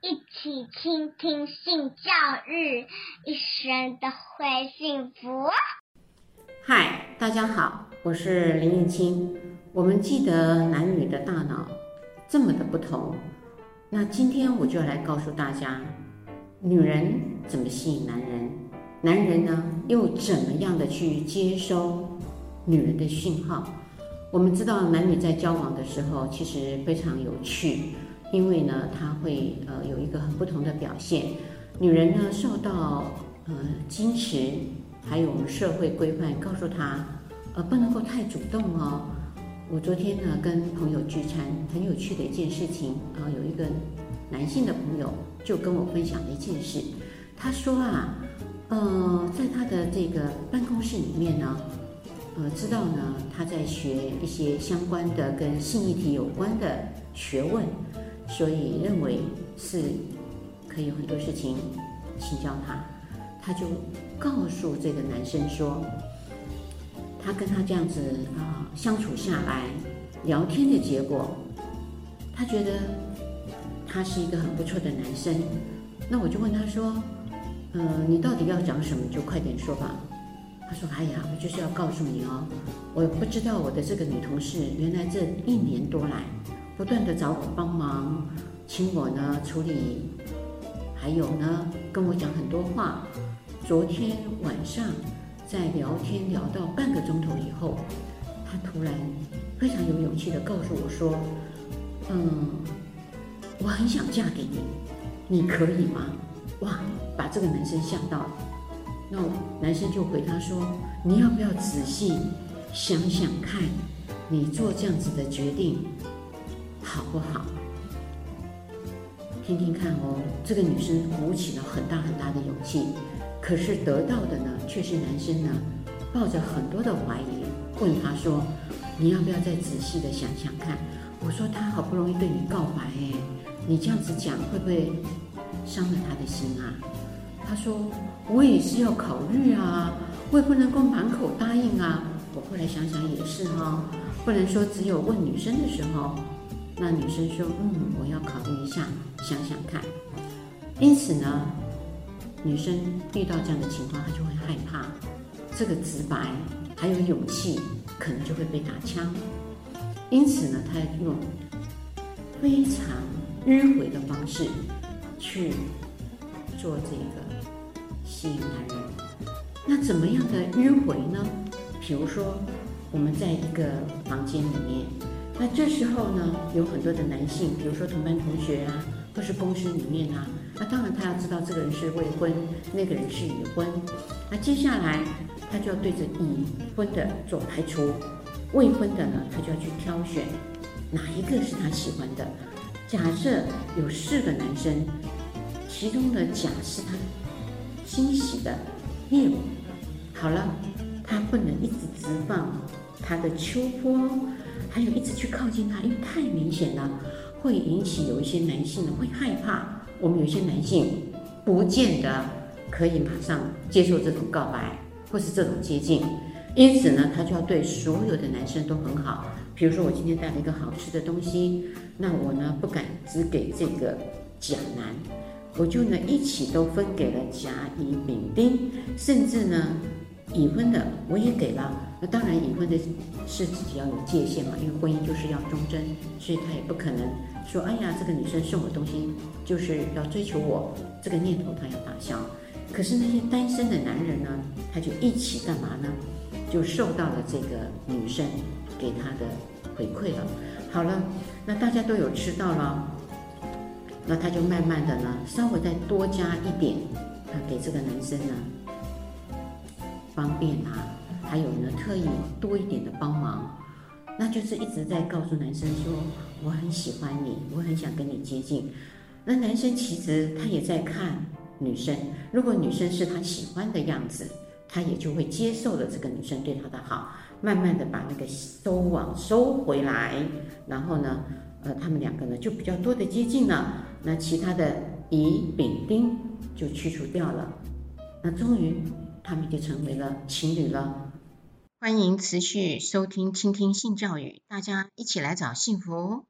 一起傾聽性教育，一生都會幸福。嗨，大家好，我是林玉青。我們記得男女的大腦這麼的不同，那今天我就來告訴大家，女人怎麼吸引男人，男人呢又怎麼樣的去接收女人的訊號。我們知道男女在交往的時候，其實非常有趣。因為呢，他會呃有一個很不同的表現。女人呢，受到呃矜持，還有我們社會規範告訴她，呃不能夠太主動哦。我昨天呢跟朋友聚餐，很有趣的一件事情啊，呃，有一個男性的朋友就跟我分享了一件事，他說啊，呃，在他的這個辦公室裡面呢，呃，知道呢他在學一些相關的跟性議題有關的學問。所以認為是可以有很多事情請教他，他就告訴這個男生說，他跟他這樣子啊相處下來，聊天的結果，他覺得他是一個很不錯的男生。那我就問他說，嗯，你到底要講什麼？就快點說吧。他說：哎呀，我就是要告訴你哦，我不知道我的這個女同事原來這一年多來。不斷地找我幫忙，請我呢處理，還有呢跟我講很多話。昨天晚上在聊天聊到半個鐘頭以後，他突然非常有勇氣地告訴我說：“嗯，我很想嫁給你，你可以嗎？”哇，把這個男生嚇到了。那男生就回他說：“你要不要仔細想想看，你做這樣子的決定？”好不好？聽聽看哦。這個女生鼓起了很大很大的勇氣，可是得到的呢，卻是男生呢，抱着很多的懷疑問他說：“你要不要再仔細的想想看？”我說：“他好不容易對你告白哎，你這樣子講會不會傷了他的心啊？”他說：“我也是要考慮啊，我也不能光滿口答應啊。”我後來想想也是哈、哦，不能說只有問女生的時候。那女生說：“嗯，我要考慮一下，想想看。”因此呢，女生遇到這樣的情況，她就會害怕。這個直白還有勇氣，可能就會被打槍。因此呢，她用非常迂回的方式去做這個吸引男人。那怎麼樣的迂回呢？比如說，我們在一個房間裡面。那這時候呢，有很多的男性，比如說同班同學啊，或是公司裡面啊，那當然他要知道這個人是未婚，那個人是已婚，那接下來他就要對着已婚的做排除，未婚的呢，他就要去挑選哪一個是他喜歡的。假設有四個男生，其中的甲是他欣喜的獵物，好了，他不能一直直放。他的秋波，還有一直去靠近他，因為太明顯了，會引起有一些男性呢會害怕。我們有一些男性不見得可以馬上接受這種告白或是這種接近，因此呢，他就要對所有的男生都很好。比如說，我今天帶了一個好吃的東西，那我呢不敢只給這個甲男，我就呢一起都分給了甲乙丙丁，甚至呢。已婚的我也給了，那當然，已婚的是自己要有界限嘛，因為婚姻就是要忠貞，所以他也不可能說，哎呀，這個女生送我東西，就是要追求我，這個念頭他要打消。可是那些單身的男人呢，他就一起幹嘛呢？就受到了這個女生給他的回饋了。好了，那大家都有吃到了，那他就慢慢的呢，稍微再多加一點啊，給這個男生呢。方便啊，還有呢，特意多一點的幫忙，那就是一直在告訴男生說，我很喜歡你，我很想跟你接近。那男生其實他也在看女生，如果女生是他喜歡的樣子，他也就會接受了這個女生對他的好，慢慢的把那個收網收回來，然後呢，呃，他們兩個呢就比較多的接近了，那其他的乙丙丁就去除掉了，那終於。他們就成為了情侶了。歡迎持續收聽、傾聽性教育，大家一起來找幸福哦。